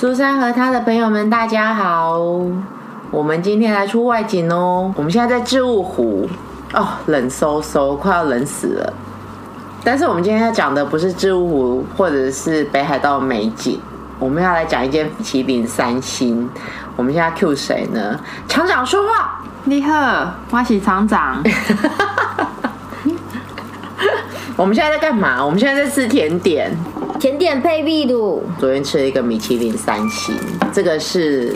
蘇珊和他的朋友們，大家好！我們今天來出外景哦、喔。我們現在在置物湖，哦，冷颼颼，快要冷死了。但是我們今天要講的不是置物湖，或者是北海道美景，我們要來講一間米其林三星。我們現在 Q 誰呢？廠長說話，你好，我是廠長。我們現在在幹嘛？我們現在在吃甜點。甜點配秘魯，昨天吃了一個米其林三星，這個是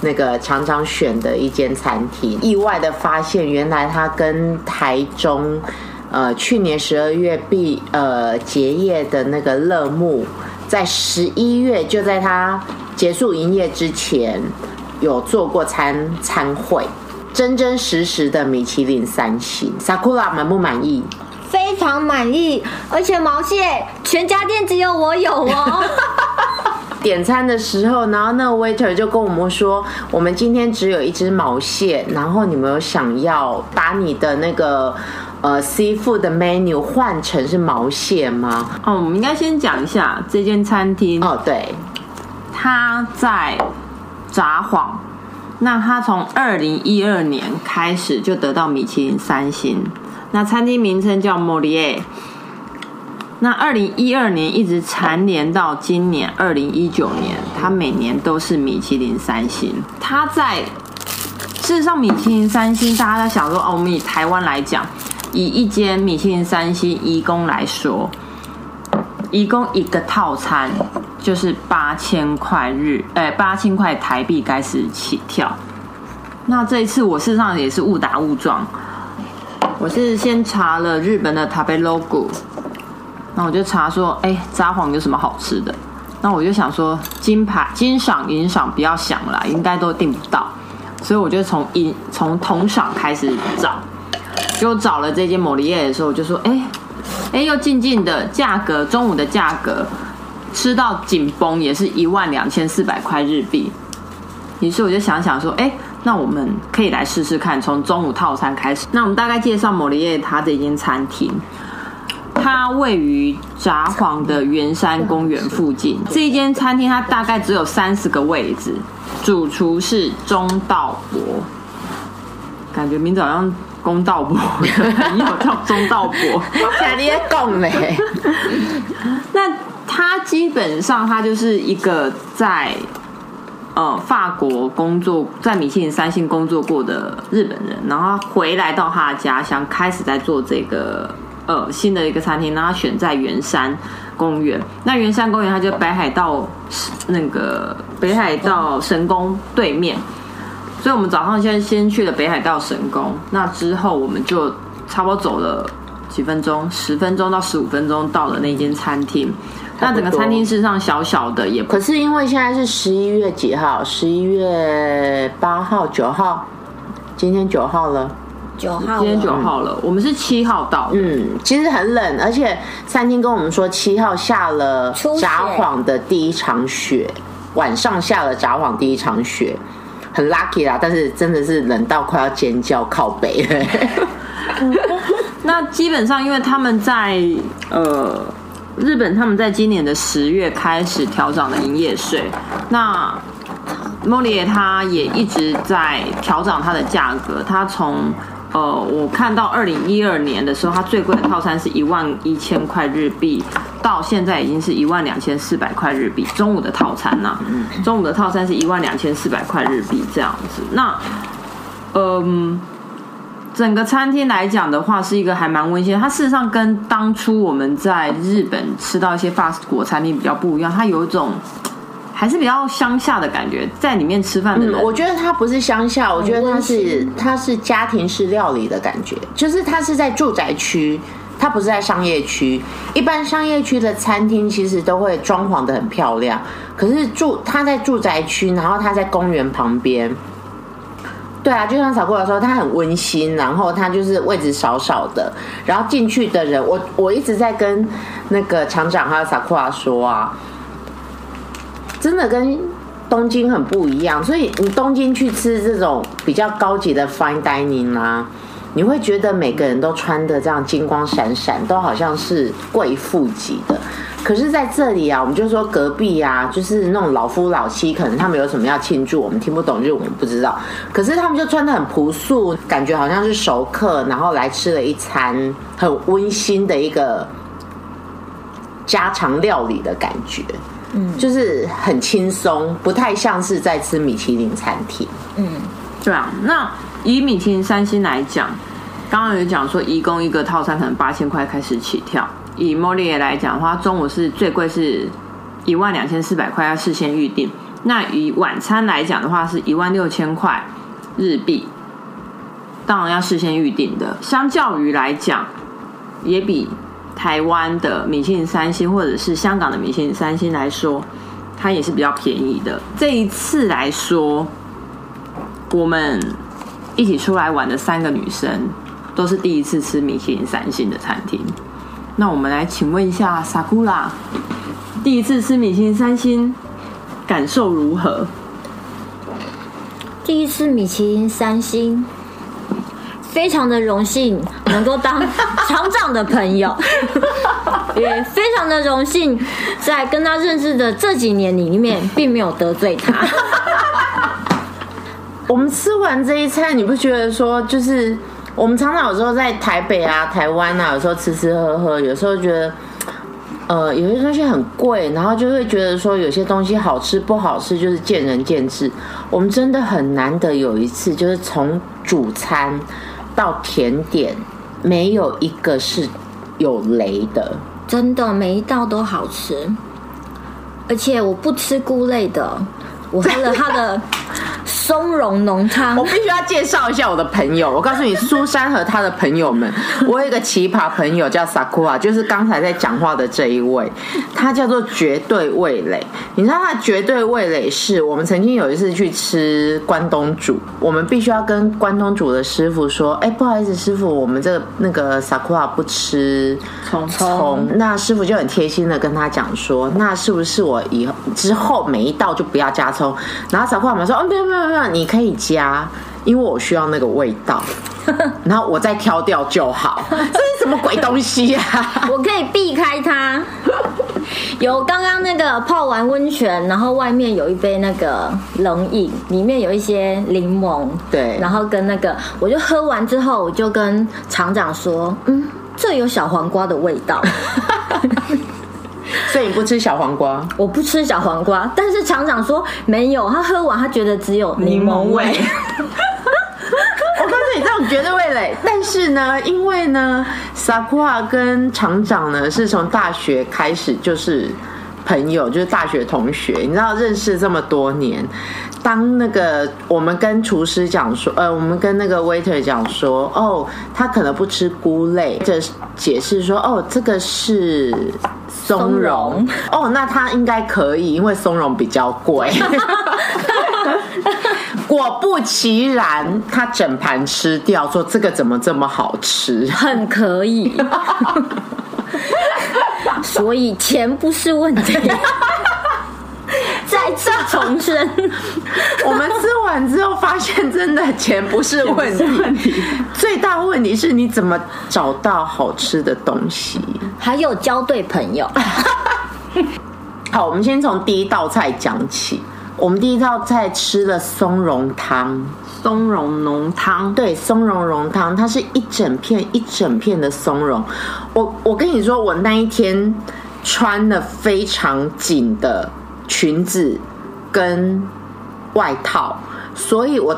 那個常常選的一間餐廳。意外的發現，原來他跟台中，呃，去年十二月畢呃結業的那個樂沐，在十一月就在他結束營業之前有做過餐餐會，真真實實的米其林三星。Sakura 滿不滿意？非常滿意，而且毛蟹全家店只有我有哦。 點餐的時候，然後那個 waiter 就跟我們說：“我們今天只有一隻毛蟹，然後你們有想要把你的那個呃 seafood 的 menu 換成是毛蟹嗎？”哦，我們應該先講一下這間餐廳哦，對，他在札幌，那他從二零一二年開始就得到米其林三星。那餐廳名稱叫 Moliere。那二零一二年一直蟬聯到今年二零一九年，它每年都是米其林三星。它在事實上，米其林三星，大家在想說，哦，我們以台灣來講，以一間米其林三星一共來說，一共一個套餐就是八千塊日，欸，八千塊台幣開始起跳。那這一次，我事實上也是誤打誤撞。我是先查了日本的 Tabelog，那我就查說，哎、欸，札幌有什麼好吃的？那我就想說，金牌、金賞、銀賞不要想了，應該都訂不到，所以我就從銀、從銅賞開始找，就找了這間 Moliere 的時候，我就說，哎、欸，哎、欸，又靜靜的價格，中午的價格吃到緊繃，也是一萬兩千四百塊日幣，於是我就想想說，哎、欸。那我們可以來試試看，從中午套餐開始。那我們大概介紹摩里耶他這間餐廳。它位於札幌的圓山公園附近。這一間餐廳它大概只有三十個位置。主廚是中道博，感覺明早上公道博， 你有叫中道博？ 你里共嘞？那他基本上他就是一個在。呃、嗯，法國工作在米其林三星工作過的日本人，然後他回來到他的家鄉，開始在做這個呃、嗯、新的一個餐廳。然後選在圓山公園，那圓山公園它就北海道那個北海道神宮對面。嗯、所以我們早上先先去了北海道神宮，那之後我們就差不多走了幾分鐘，十分鐘到十五分鐘到了那間餐廳。那整個餐廳事實上小小的，也不錯。可是因為現在是十一月幾號？十一月八號、九號，今天九號了，九號，今天九號了，嗯、我們是七號到。嗯，其實很冷，而且餐廳跟我們說，七號下了札幌的第一場雪，晚上下了札幌第一場雪，很 lucky 啦。但是真的是冷到快要尖叫，靠北。 那基本上因為他們在呃。日本他們在今年的十月開始調漲了營業稅，那 m o 他也一直在調漲它的價格。他從呃，我看到二零一二年的時候，他最貴的套餐是一萬一千塊日幣，到現在已經是一萬兩千四百塊日幣。中午的套餐呢、啊？中午的套餐是一萬兩千四百塊日幣這樣子。那，嗯。整個餐廳來講的話，是一個還蠻溫馨。它事實上跟當初我們在日本吃到一些法國餐廳比較不一樣，它有一種還是比較鄉下的感覺。在裡面吃飯，嗯，我覺得它不是鄉下，我覺得它是它是家庭式料理的感覺，就是它是在住宅區，它不是在商業區。一般商業區的餐廳其實都會裝潢得很漂亮，可是住它在住宅區，然後它在公園旁邊。對啊，就像 Sakura 的時候，它很溫馨，然後它就是位置少少的，然後進去的人，我我一直在跟那個廠長還有 Sakura 說啊，真的跟東京很不一樣，所以你東京去吃這種比較高級的 fine dining 啦，啊，你會覺得每個人都穿得這樣金光閃閃，都好像是貴婦級的。可是在這裡啊，我們就說隔壁啊，就是那種老夫老妻，可能他們有什麼要慶祝，我們聽不懂，就我們不知道。可是他們就穿得很樸素，感覺好像是熟客，然後來吃了一餐很溫馨的一個家常料理的感覺。嗯，就是很輕鬆，不太像是在吃米其林餐廳。嗯，這樣。那以米其林三星來講，剛剛有講說一共一個套餐可能八千塊開始起跳。以莫里耶來講的話，中午是最貴，是一萬兩千四百塊，要事先預定。那以晚餐來講的話，是一萬六千塊日幣，當然要事先預定的。相較於來講，也比台灣的米其林三星或者是香港的米其林三星來說，它也是比較便宜的。這一次來說，我們一起出來玩的三個女生，都是第一次吃米其林三星的餐廳。那我們來請問一下，Sakura，第一次吃米其林三星，感受如何？第一次米其林三星，非常的榮幸能夠當廠長的朋友，也非常的榮幸在跟他認識的這幾年裡面，並沒有得罪他。 我們吃完這一餐，你不覺得說就是？我們常常有時候在台北啊、台灣啊，有時候吃吃喝喝，有時候覺得，呃，有些東西很貴，然後就會覺得說，有些東西好吃不好吃就是見仁見智。我們真的很難得有一次，就是從主餐到甜點，沒有一個是有雷的，真的每一道都好吃，而且我不吃菇類的。我喝了他的松茸濃湯。我必須要介紹一下我的朋友。我告訴你，蘇珊和他的朋友們。我有一個奇葩朋友叫 Sakura，就是剛才在講話的這一位，他叫做絕對味蕾。你知道他絕對味蕾，是我們曾經有一次去吃關東煮，我們必須要跟關東煮的師傅說，哎，不好意思，師傅，我們這個那個 Sakura 不吃蔥蔥。那師傅就很貼心的跟他講說，那是不是我以後之後每一道就不要加蔥？然後 Sakura 們說，嗯，不用不用不用，你可以加，因為我需要那個味道，然後我再挑掉就好。這是什麼鬼東西呀？啊？我可以避開它。有剛剛那個泡完溫泉，然後外面有一杯那個冷飲，裡面有一些檸檬。對，然後跟那個，我就喝完之後，我就跟廠長說，嗯，這有小黃瓜的味道。 所以你不吃小黃瓜？我不吃小黃瓜，但是廠長說沒有，他喝完他覺得只有檸檬味。覺得味蕾，但是呢，因為呢，Sakura 跟廠長呢是從大學開始就是朋友，就是大學同學，你知道認識這麼多年。當那個我們跟廚師講說，呃，我們跟那個 waiter 講說，哦，他可能不吃菇類，就解釋說，哦，這個是松茸，松茸哦，那他應該可以，因為松茸比較貴。 果不其然，他整盤吃掉，說這個怎麼這麼好吃？很可以，所以錢不是問題。再次重申， 我們吃完之後發現，真的錢不是問題。最大問題是，你怎麼找到好吃的東西？還有交對朋友。好，我們先從第一道菜講起。我們第一道菜吃了松茸湯，松茸濃湯。對，松茸濃湯，它是一整片一整片的松茸。我我跟你說，我那一天穿了非常緊的裙子跟外套，所以我，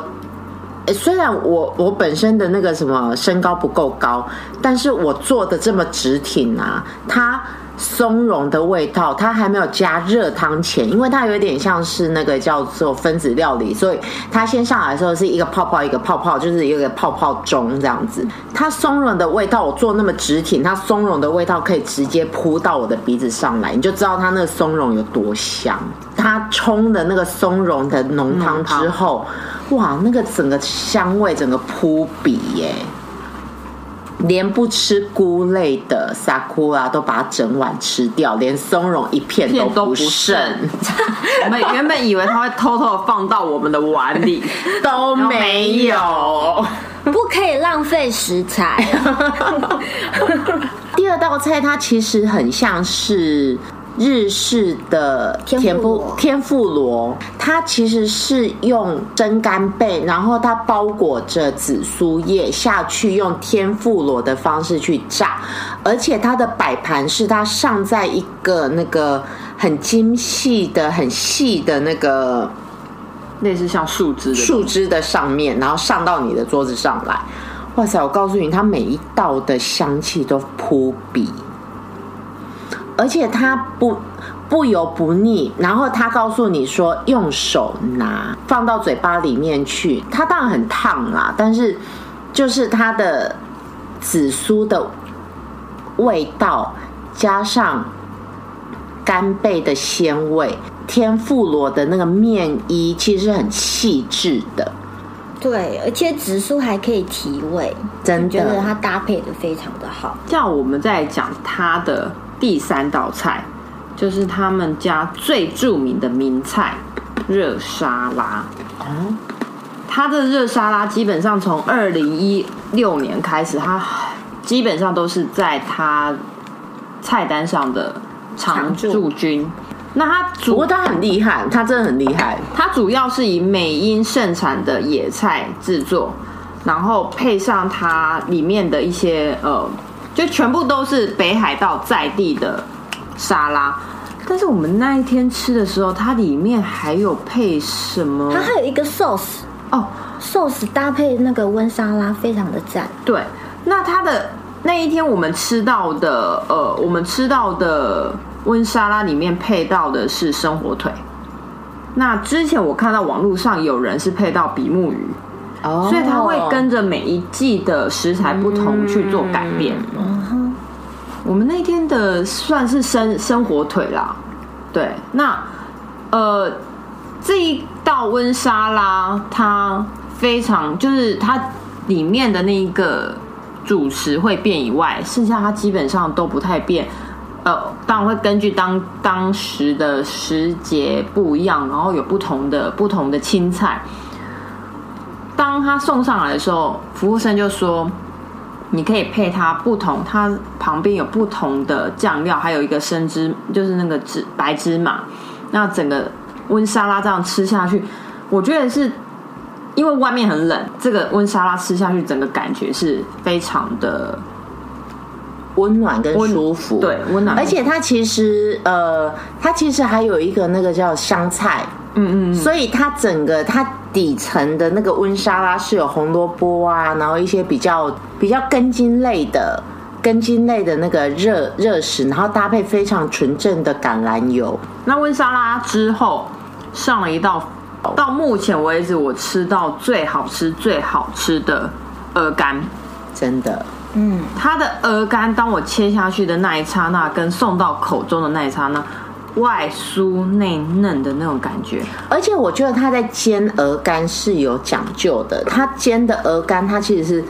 欸、雖然我我本身的那個什麼身高不夠高，但是我坐得這麼直挺啊，它。松茸的味道，它還沒有加熱湯前，因為它有點像是那個叫做分子料理，所以它先上來的時候是一個泡泡一個泡泡，就是一個泡泡鐘這樣子。它松茸的味道，我做那麼直挺，它松茸的味道可以直接撲到我的鼻子上來，你就知道它那個松茸有多香。它沖的那個松茸的濃湯之後，哇，那個整個香味，整個撲鼻耶！連不吃菇類的 Sakura，都把它整碗吃掉，連松茸一片都不剩。我們原本以為它會偷偷的放到我們的碗裡，都沒有，不可以浪費食材。第二道菜它其實很像是。日式的天婦天婦羅，它其實是用蒸干貝，然後它包裹着紫蘇葉下去，用天婦羅的方式去炸，而且它的擺盤是它上在一個那個很精細的、很細的那個類似像樹枝的樹枝的上面，然後上到你的桌子上來。哇塞！我告訴你，它每一道的香氣都撲鼻。而且它不不油不膩，然後他告訴你說，用手拿放到嘴巴裡面去，它當然很燙啦，但是就是它的紫蘇的味道加上乾貝的鮮味，天婦羅的那個麵衣其實是很細緻的，對，而且紫蘇還可以提味，真的，覺得它搭配的非常的好。這樣我們再來講它的。第三道菜就是他們家最著名的名菜熱沙拉。嗯，它的熱沙拉基本上從二零一六年開始它，它基本上都是在它菜單上的常駐軍。常駐。那它，主要，不過它很厲害，它真的很厲害。它主要是以美瑛盛產的野菜制作，然後配上它裡面的一些呃。就全部都是北海道在地的沙拉，但是我們那一天吃的時候，它裡面還有配什麼？它還有一個壽司哦，壽司、oh，搭配那個溫沙拉，非常的讚。對，那它的那一天我們吃到的，呃，我們吃到的溫沙拉裡面配到的是生火腿，那之前我看到網絡上有人是配到比目魚。所以它會跟着每一季的食材不同去做改變。我們那天的算是生生火腿啦，對，那呃這一道溫沙拉，它非常就是它裡面的那一個主食會變以外，剩下它基本上都不太變。呃，當然會根據當當時的時節不一樣，然後有不同的不同的青菜。當他送上來的時候，服務生就說：“你可以配他不同，他旁邊有不同的醬料，還有一個生芝，就是那個芝白芝麻。那整個溫沙拉這樣吃下去，我覺得是因為外面很冷，這個溫沙拉吃下去，整個感覺是非常的溫暖跟舒服，對，溫暖。而且它其實呃，它其實還有一個那個叫香菜。”嗯嗯，所以它整個它底層的那個溫沙拉是有紅蘿蔔啊，然後一些比較比較根莖類的根莖類的那個熱熱食，然後搭配非常純正的橄欖油。那溫沙拉之後上了一道到目前為止我吃到最好吃最好吃的鵝肝，真的，嗯，它的鵝肝當我切下去的那一剎那，跟送到口中的那一剎那。外酥內嫩的那種感覺，而且我覺得他在煎鵝肝是有講究的。他煎的鵝肝，它其實是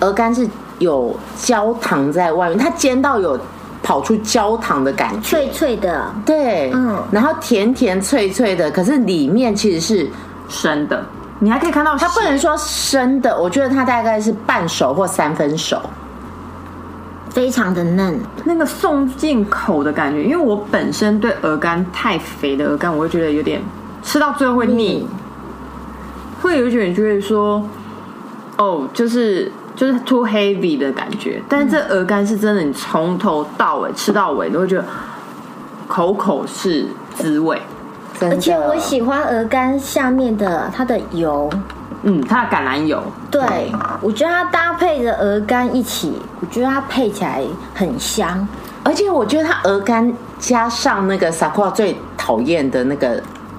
鵝肝是有焦糖在外面，它煎到有跑出焦糖的感覺，脆脆的，對，嗯，然後甜甜脆脆的，可是裡面其實是生的，你還可以看到它不能說生的，我覺得它大概是半熟或三分熟。非常的嫩，那個送進口的感覺，因為我本身對鵝肝太肥的鵝肝，我會覺得有點吃到最後會膩，會有點覺得說，哦，就是就是 too heavy 的感覺。但是這鵝肝是真的，你從頭到尾吃到尾都會覺得口口是滋味，的而且我喜歡鵝肝下面的它的油。嗯，它的橄欖油，對，對我覺得它搭配着鵝肝一起，我覺得它配起來很香，而且我覺得它鵝肝加上那個 Sakura 最討厭的那個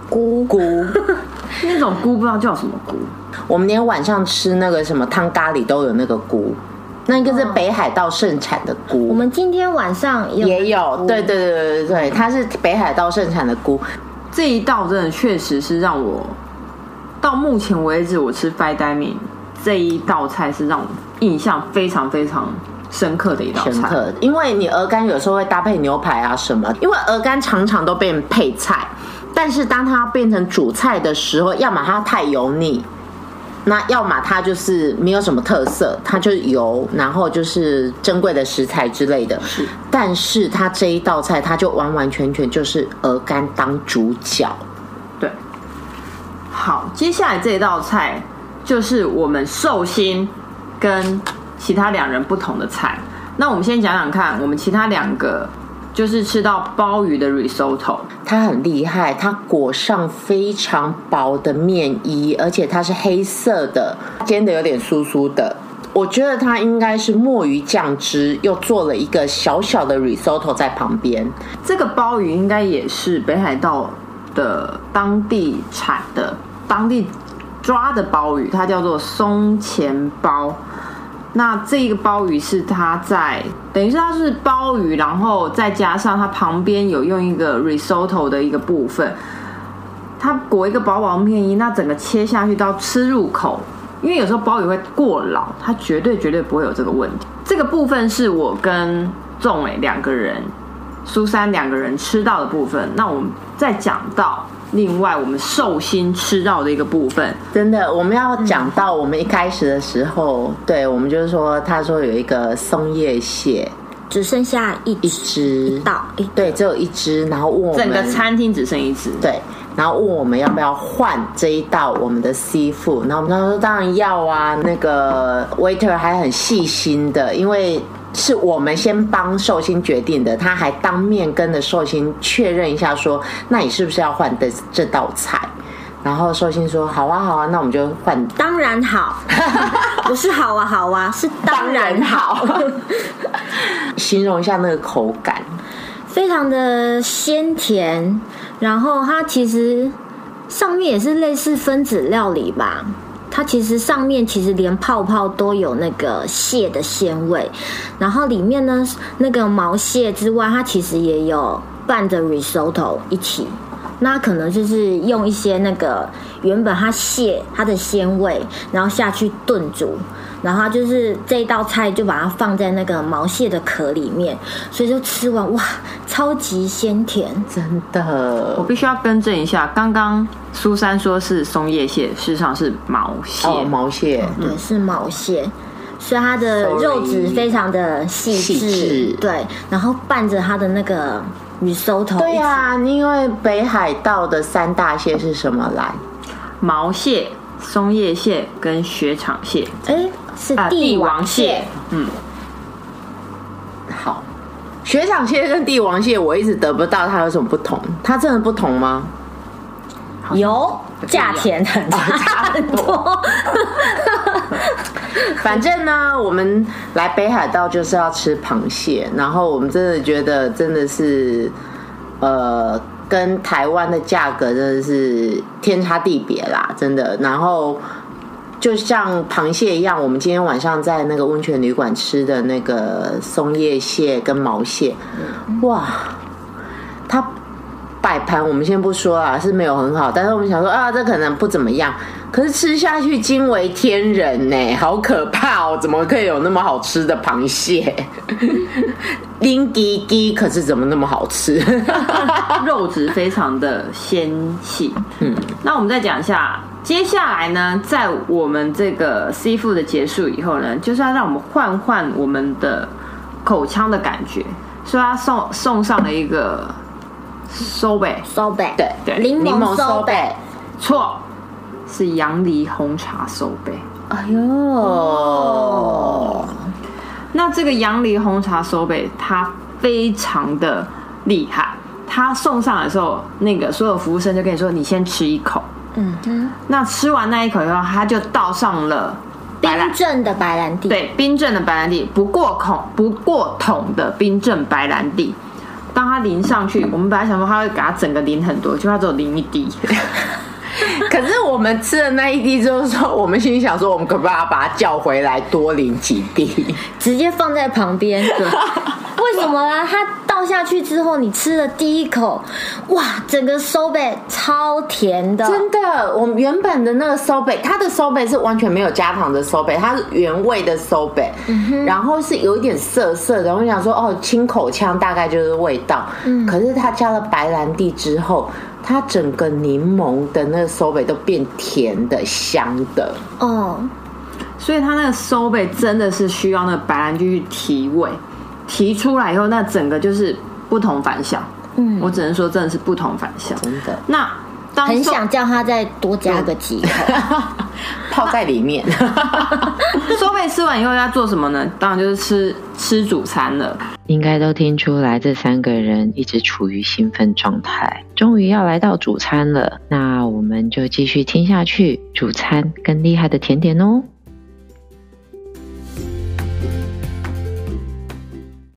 菇、菇， 那種菇不知道叫什麼菇。我們那天晚上吃那個什麼湯咖喱都有那個菇，那個是北海道盛產的菇。哇我們今天晚上有也有，對對對對對對，它是北海道盛產的菇。這一道真的確實是讓我。到目前為止，我吃 fried egg 這一道菜是讓我印象非常非常深刻的一道菜。因為你鵝肝有時候會搭配牛排啊什麼，因為鵝肝常常都被配菜，但是當它變成主菜的時候，要麼它太油膩，那要麼它就是沒有什麼特色，它就是油，然後就是珍貴的食材之類的。是，但是它這一道菜，它就完完全全就是鵝肝當主角。好，接下來這道菜就是我們壽星跟其他兩人不同的菜。那我們先講講看，我們其他兩個就是吃到鮑魚的 risotto，它很厲害，它裹上非常薄的麵衣，而且它是黑色的，煎得有點酥酥的。我覺得它應該是墨魚醬汁，又做了一個小小的 risotto 在旁邊。這個鮑魚應該也是北海道。的當地產的當地抓的鮑魚，它叫做松前鮑。那這個鮑魚是它在，等於是它是鮑魚，然後再加上它旁邊有用一個 risotto 的一個部分，它裹一個薄薄麵衣，那整個切下去到吃入口，因為有時候鮑魚會過老，它絕對絕對不會有這個問題。這個部分是我跟仲偉兩個人。蘇珊兩個人吃到的部分，那我們再講到另外我們壽星吃到的一個部分。真的，我們要講到我們一開始的時候，嗯、對我們就是說，他說有一個松葉蟹，只剩下一隻，到一支，一一對，只有一隻，然後問我們整個餐廳只剩一隻，對，然後問我們要不要換這一道我們的 seafood，然後我們他說當然要啊，那個 waiter 還很細心的，因為。是我們先幫壽星決定的，他還當面跟著壽星確認一下，說：“那你是不是要換的這道菜？”然後壽星說：“好啊，好啊，那我們就換。”當然好，不是好啊，好啊，是當然好。 形容一下那個口感，非常的鮮甜，然後它其實上面也是類似分子料理吧。它其實上面其實連泡泡都有那個蟹的鮮味，然後裡面呢，那個毛蟹之外，它其實也有拌着 risotto 一起。那可能就是用一些那個原本它蟹它的鮮味，然後下去燉煮，然後就是這道菜就把它放在那個毛蟹的殼裡面，所以就吃完，哇，超級鮮甜，真的。我必須要更正一下，剛剛蘇珊說是松葉蟹，事實上是毛蟹。Oh, 毛蟹，嗯、對，是毛蟹，所以它的肉質非常的細緻，細對，然後拌着它的那個。你收頭，對呀、啊，因為北海道的三大蟹是什麼來？毛蟹、松葉蟹跟雪場蟹。哎、欸、啊、是帝王蟹。王蟹。嗯，好，雪場蟹跟帝王蟹我一直得不到，它有什麼不同？它真的不同嗎？有，價錢很差、啊、差很多。 反正呢，我們來北海道就是要吃螃蟹，然後我們真的覺得真的是，呃，跟台灣的價格真的是天差地別啦，真的。然後就像螃蟹一樣，我們今天晚上在那個溫泉旅館吃的那個松葉蟹跟毛蟹，嗯、哇，它擺盤我們先不說啦，是沒有很好，但是我們想說啊，這可能不怎麼樣。可是吃下去驚為天人呢，好可怕哦，喔！怎麼可以有那麼好吃的螃蟹？丁吉吉，可是怎麼那麼好吃？ 肉質非常的鮮細。嗯，那我們再講一下，接下來呢，在我們這個 seafood 的結束以後呢，就是要讓我們換換我們的口腔的感覺，所以他送送上了一個蘇白，蘇白，對白對，檸對檬蘇白，錯。錯是洋梨紅茶收杯。哎呦，那這個洋梨紅茶收杯，它非常的厲害。他送上來的時候，那個所有服務生就跟你說：“你先吃一口。”嗯，那吃完那一口以後，他就倒上了冰鎮的白蘭地。對，冰鎮的白蘭地，不過孔、不過桶的冰鎮白蘭地。當他淋上去，我們本來想說他會給他整個淋很多，結果只有淋一滴。可是我們吃了那一滴之後，說我們心裡想說，我們可不可以把它叫回來，多淋幾滴，直接放在旁邊。對。 為什麼呢？它倒下去之後，你吃了第一口，哇，整個收貝超甜的，真的。我們原本的那個收貝，它的收貝是完全沒有加糖的收貝，它是原味的收貝。然後是有一點澀澀的，我想說哦，清口腔大概就是味道。可是它加了白蘭地之後，它整個檸檬的那個收貝都變甜的、香的。哦。所以它那個收貝真的是需要那個白蘭地去提味。提出來以後，那整個就是不同凡響。嗯，我只能說真的是不同凡響，真的。那當很想叫他再多加個雞，對 泡在裡面。收費 吃完以後要做什麼呢？當然就是吃吃主餐了。應該都聽出來，這三個人一直處於興奮狀態，終於要來到主餐了。那我們就繼續聽下去，主餐更厲害的甜點哦。